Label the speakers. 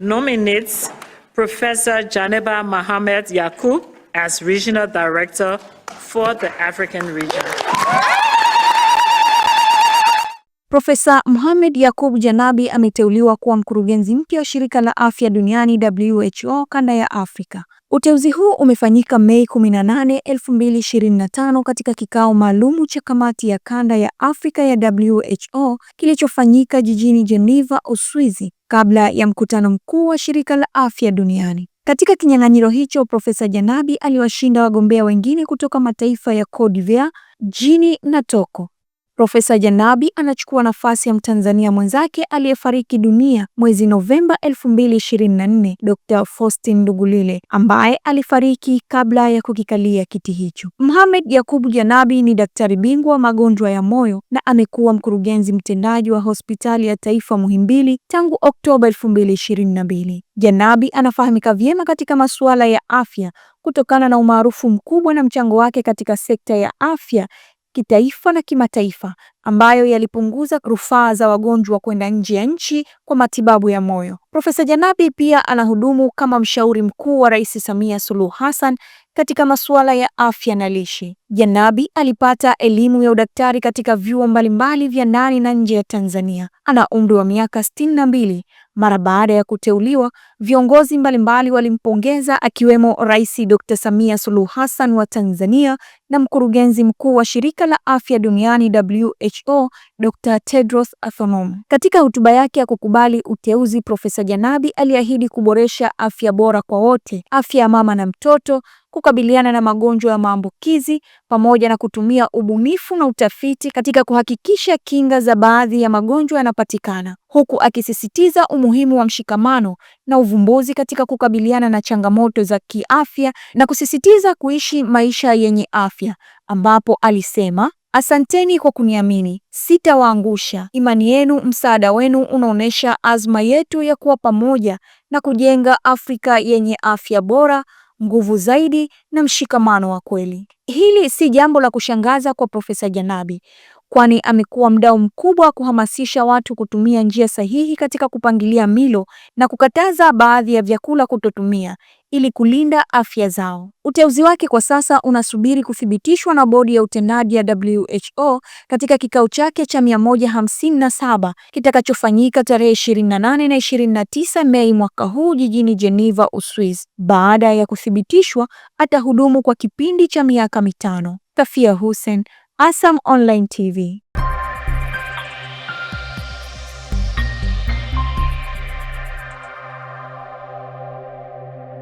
Speaker 1: nominates Professor Janeba Mohamed Yakub as Regional Director for the African region.
Speaker 2: Profesa Mohamed Yakub Janabi ameteuliwa kuwa mkurugenzi mpya wa Shirika la Afya Duniani WHO Kanda ya Afrika. Uteuzi huu umefanyika Mei 18, 2025 katika kikao maalum cha kamati ya kanda ya Afrika ya WHO kilichofanyika jijini Geneva, Uswizi, kabla ya mkutano mkuu wa Shirika la Afya Duniani. Katika kinyang'anyiro hicho, Profesa Janabi aliwashinda wagombea wengine kutoka mataifa ya Cote d'Ivoire, Guinea na Togo. Profesa Janabi anachukua nafasi ya Mtanzania mwenzake aliyefariki dunia mwezi Novemba 2024, Dr. Faustin Ndugulile ambaye alifariki kabla ya kukikalia kiti hicho. Mohamed Yakubu Janabi ni daktari bingwa magonjwa ya moyo na amekuwa mkurugenzi mtendaji wa Hospitali ya Taifa Muhimbili tangu Oktoba 2022. Janabi anafahamika vyema katika masuala ya afya kutokana na umaarufu mkubwa na mchango wake katika sekta ya afya kitaifa na kimataifa ambayo yalipunguza rufaa za wagonjwa kwenda nje ya nchi kwa matibabu ya moyo. Profesa Janabi pia anahudumu kama mshauri mkuu wa Rais Samia Suluhu Hassan katika masuala ya afya na lishe. Janabi alipata elimu ya udaktari katika vyuo mbalimbali vya ndani na nje ya Tanzania. Ana umri wa miaka sitini na mbili. Mara baada ya kuteuliwa, viongozi mbalimbali walimpongeza akiwemo Rais Dr. Samia Suluhu Hassan wa Tanzania na mkurugenzi mkuu wa Shirika la Afya Duniani WHO, Dr. Tedros Adhanom. Katika hotuba yake ya kukubali uteuzi, Profesa Janabi aliahidi kuboresha afya bora kwa wote, afya ya mama na mtoto, kukabiliana na magonjwa ya maambukizi, pamoja na kutumia ubunifu na utafiti katika kuhakikisha kinga za baadhi ya magonjwa yanapatikana, huku akisisitiza umuhimu wa mshikamano na uvumbuzi katika kukabiliana na changamoto za kiafya na kusisitiza kuishi maisha yenye afya, ambapo alisema Asanteni kwa kuniamini, sitawaangusha. Imani yenu, msaada wenu unaonyesha azma yetu ya kuwa pamoja na kujenga Afrika yenye afya bora nguvu zaidi na mshikamano wa kweli. Hili si jambo la kushangaza kwa Profesa Janabi, kwani amekuwa mdau mkubwa wa kuhamasisha watu kutumia njia sahihi katika kupangilia milo na kukataza baadhi ya vyakula kutotumia ili kulinda afya zao. Uteuzi wake kwa sasa unasubiri kuthibitishwa na bodi ya utendaji ya WHO katika kikao chake cha 157 kitakachofanyika tarehe 28 na 29 Mei mwaka huu jijini Geneva, Uswizi. Baada ya kuthibitishwa, atahudumu kwa kipindi cha miaka mitano. Tafia Hussein, ASAM Online TV.